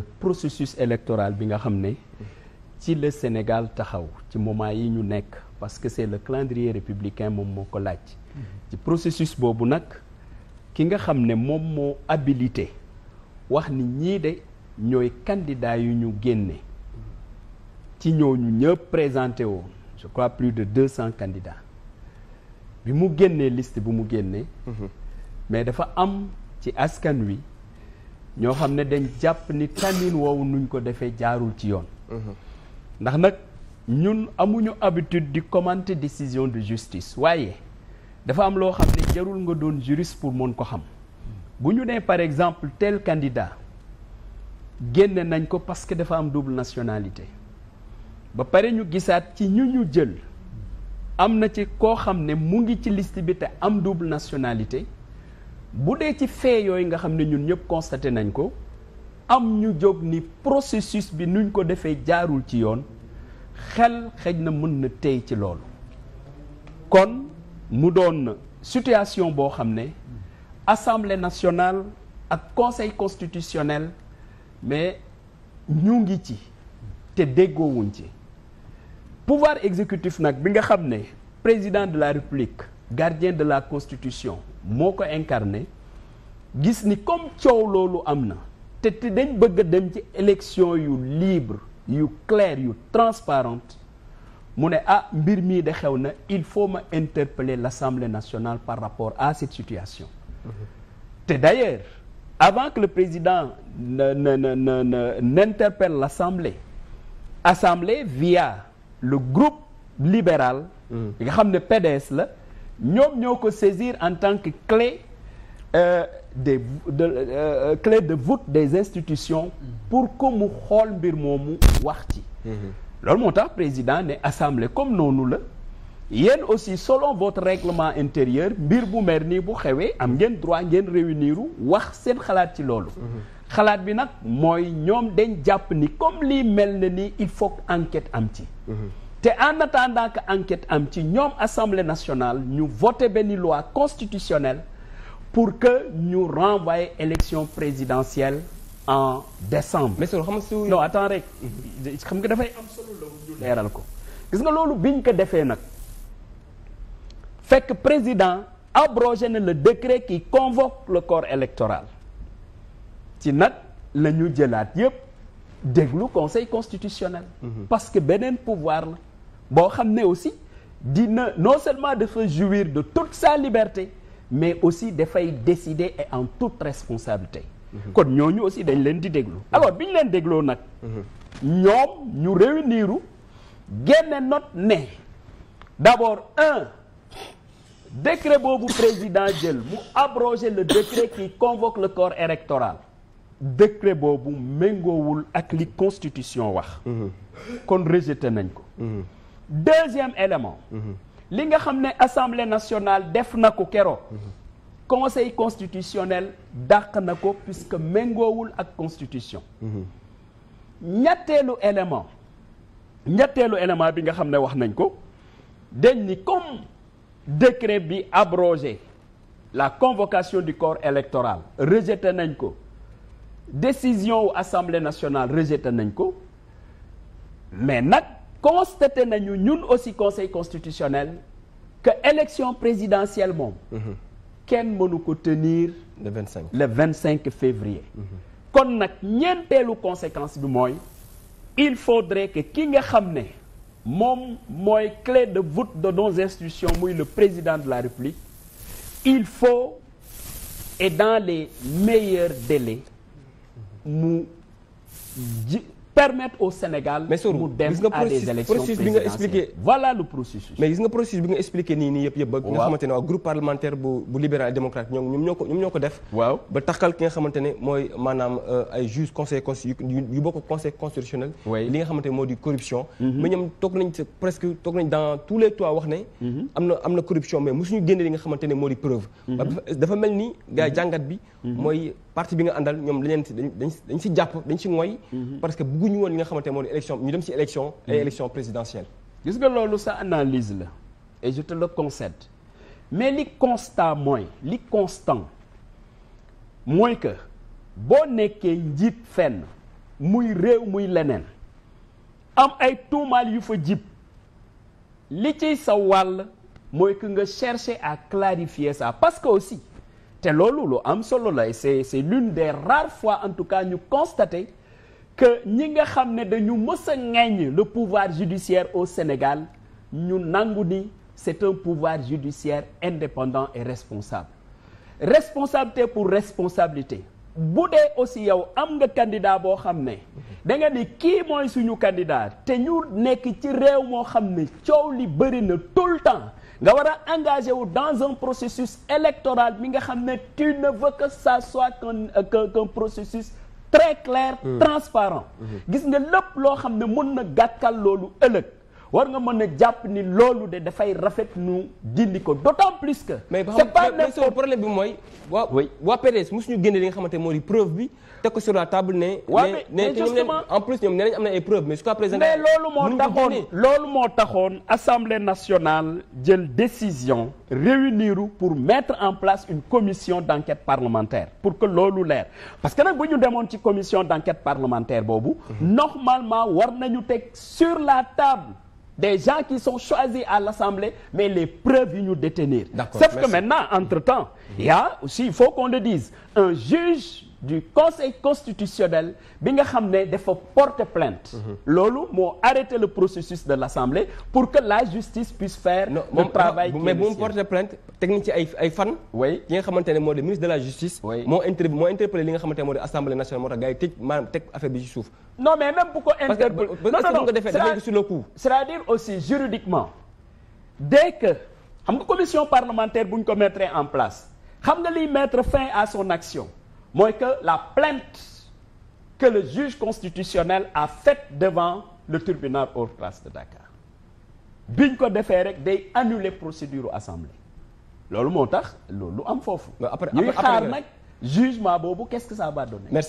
processus électoral bi nga xam ne ci la Sénégal taxaw ci moment yi ñu nekk parce que c'est le calendrier républicain moom moo ko laaj ci processus boobu nag ki nga xam ne moom moo abilité wax ni ñii de ñooy candidats yu ñu génne ci ñooñu ñëpp présenté woon je crois plus de deux cents candidats bi mu génnee liste bu mu génnee mhm. mais dafa am ci askan wi ñoo xam ne dañ jàpp ni tànnin woowu nuñ ko defee jaarul ci yoon mhm. ndax nag ñun amuñu habitude di commenter décision de justice waaye dafa am loo xam ne jarul nga doon juriste pour mën ko xam bu ñu nee par exemple tel candidat génne nañ ko parce que dafa am double nationalité ba pare ñu gisaat ci ñu ñu jël am na ci koo xam ne mu ngi ci liste bi te am double nationalité bu dee ci fee yooyu nga xam ne ñun ñëpp constaté nañ ko am ñu jóg ni processus bi nuñ ko defee jaarul ci yoon xel xëj na mën na tey ci loolu kon mu doon situation boo xam ne assemblée nationale ak conseil constitutionnel mais ñu ngi ci te déggoowuñ ci pouvoir exécutif nag bi nga xam ne président de la république gardien de la constitution moo ko incarné gis ni comme coow loolu am na te te dañ bëgg dem ci élection yu libre yu claire yu transparente mu ne ah mbir mii de xew na il faut ma interpeller l'Assemblée nationale par rapport à cette situation te d'ailleurs avant que le président ne ne ne ne n'interpelle l'Assemblée Assemblée via le groupe libéral mm. nga xam ne PDS la ñoom ñoo ko saisir en tant que cle euh, des de euh, clé de voûte des institutions pour que mu xool mbir moomu wax ci mhm. loolu moo tax président ne assemblée comme noonu la yéen aussi selon votre règlement intérieur mbir bu mer nii bu xewee am ngeen droit ngeen réuniru wax seen xalaat ci loolu mhm. xalaat bi nag mooy ñoom dañ jàpp ni comme lii mel na ni il faut enquête am ci mhm. te en attendant que enquête am ci ñoom assemblée nationale ñu voté benn loi constitutionnelle pour que ñu renvoyer élection présidentielle en décembre. mais xam nga suy non attends rek xam nga dafay am solo la ko gis nga loolu biñ ko defee nag fekk président abrogé na le décret qui convoque le corps électoral ci nag la ñu jëlaat yépp déglu conseil constitutionnel. Mm-hmm. parce que beneen pouvoir la. boo xam ne aussi dina non seulement dafa jouir de toute sa liberté mais aussi dafay décider et en toute responsabilité mhm. kon ñooñu aussi dañ leen di déglu alors bi ñu leen dégloo nag mhm. ñoom ñu réuniru génne not ne d'abord un décret boobu président jël mu abroger le décret qui convoque le corps électoral décret boobu méngoowul ak li constitution wax mhm. kon rejeté nañ ko deuxième élément li nga xam ne assemblée nationale def na ko kero keroog conseil constitutionnel dàq na ko puisque méngoowul ak constitution ñetteelu élément ñetteelu élément bi nga xam ne wax nañ ko dañ ni comme décret bi abrogé la convocation du corps électoral rejeté nañ ko décision wu assemblée nationale rejeté nañ ko mais nag constaté nañu ñun aussi conseil constitutionnel que élection présidentielle moom mhm. kenn mënu ko tenir le 25 le 25 février kon nag ñeenteelu conséquence bi mooy il faudrait que ki nga xam ne moom mooy clé de voûte de nos institutions muy le président de la République il faut et dans les meilleurs délais mu permettre au Sénégal. mais Sow gis nga processus bi nga expliqué. voilà le processus. mais gis nga processus bi nga expliqué nii nii yëpp yëpp. ba nga xamante ne waaw groupe parlementaire bu bu et démocrate ñoom ñoo ko def. ba taxal ki nga xamante mooy maanaam euh, ay juge conseil consi yu bokk conseil constitutionnel. li nga xamante moo di corruption. Mhm. mais ñoom toog nañ presque toog nañ dans tous les toits wax ne. Mhm. am na am na corruption mais mosuñu génne li nga xamante ne moo parti bi nga àndal ñoom dañ dañ dañ si jàpp dañ si mooy mhm. parce que bëgguñu woon li nga xamante moo di élection ñu dem si élection ay mhm. élection présidentielle gis nga loolu sa analyse la et je te le mais li constat mooy li constant mooy que boo nekkee njiit fenn muy réew muy leneen am ay tuumaal yu fa jib li ciy sa wàll mooy que nga chercher à clarifier ça parce que aussi te loolu lu am solo lay c'est c'est l'une des rares fois en tout cas ñu constater que ñi nga xam ne dañu mës a ŋeeñ le pouvoir judiciaire au Sénégal ñu nangu ni c'est un pouvoir judiciaire indépendant et responsable responsabilité pour responsabilité bu dee aussi yow am nga candidat boo xam ne da nga ni kii mooy suñu candidat te ñu nekk ci réew moo xam ne coow li bëri na tout le temps nga war a engagé wu dans un processus électoral mi nga xam ne tu ne veux que ça soit qu'un euh, processus très clair hmm. transparent hmm. gis nga lépp loo xam ne mun na gàkkal loolu ëllëg war nga mën a jàpp ni loolu de dafay rafet nu dindi ko d'autant plus que. mais ba xam problème bi mooy. waa waa PDS mosuñu génne li nga xamante moo di preuve bi teg ko sur la table ne. waaw justement en plus ñoom nee am na ay preuves mais jusqu'à présent. mais loolu moo taxoon loolu moo taxoon assemblée nationale jël décision réunir pour mettre en place une commission d'enquête parlementaire pour que loolu leer parce que nag bu ñu demoon ci commission d'enquête parlementaire boobu. Mhm. normalement war nañu teg sur la table. des gens qui sont choisis à l'Assemblée mais les preuves yu ñu détenir sauf que maintenant entre temps il y a aussi il faut qu'on le dise un juge du conseil constitutionnel bi nga xam ne dafa porter plainte mhm. loolu moo arrêté le processus de l'assemblée pour que la justice puisse faire non, le non, travail non, mais bu mu porter plainte teg ci ay fan oui ki nga xamante ne moo di ministre de la justice moo inter li nga xamante ne moo di assemblée nationale moo tax gars yi tëj maanaam teg affaire bi ci suuf non mais même bu ko interpellé non non non c'est sur le coup c'est-à-dire aussi juridiquement dès que xam nga commission parlementaire bu ñu ko mettre en place xam nga liy mettre fin à son action mooy que la plainte que le juge constitutionnel a faite devant le tribunal hors classe de Dakar biñ ko defee rek day annuler procédure assemblée loolu moo tax lu am foofu. ñuy xaar nag jugement boobu qu'est-ce que ça va donner.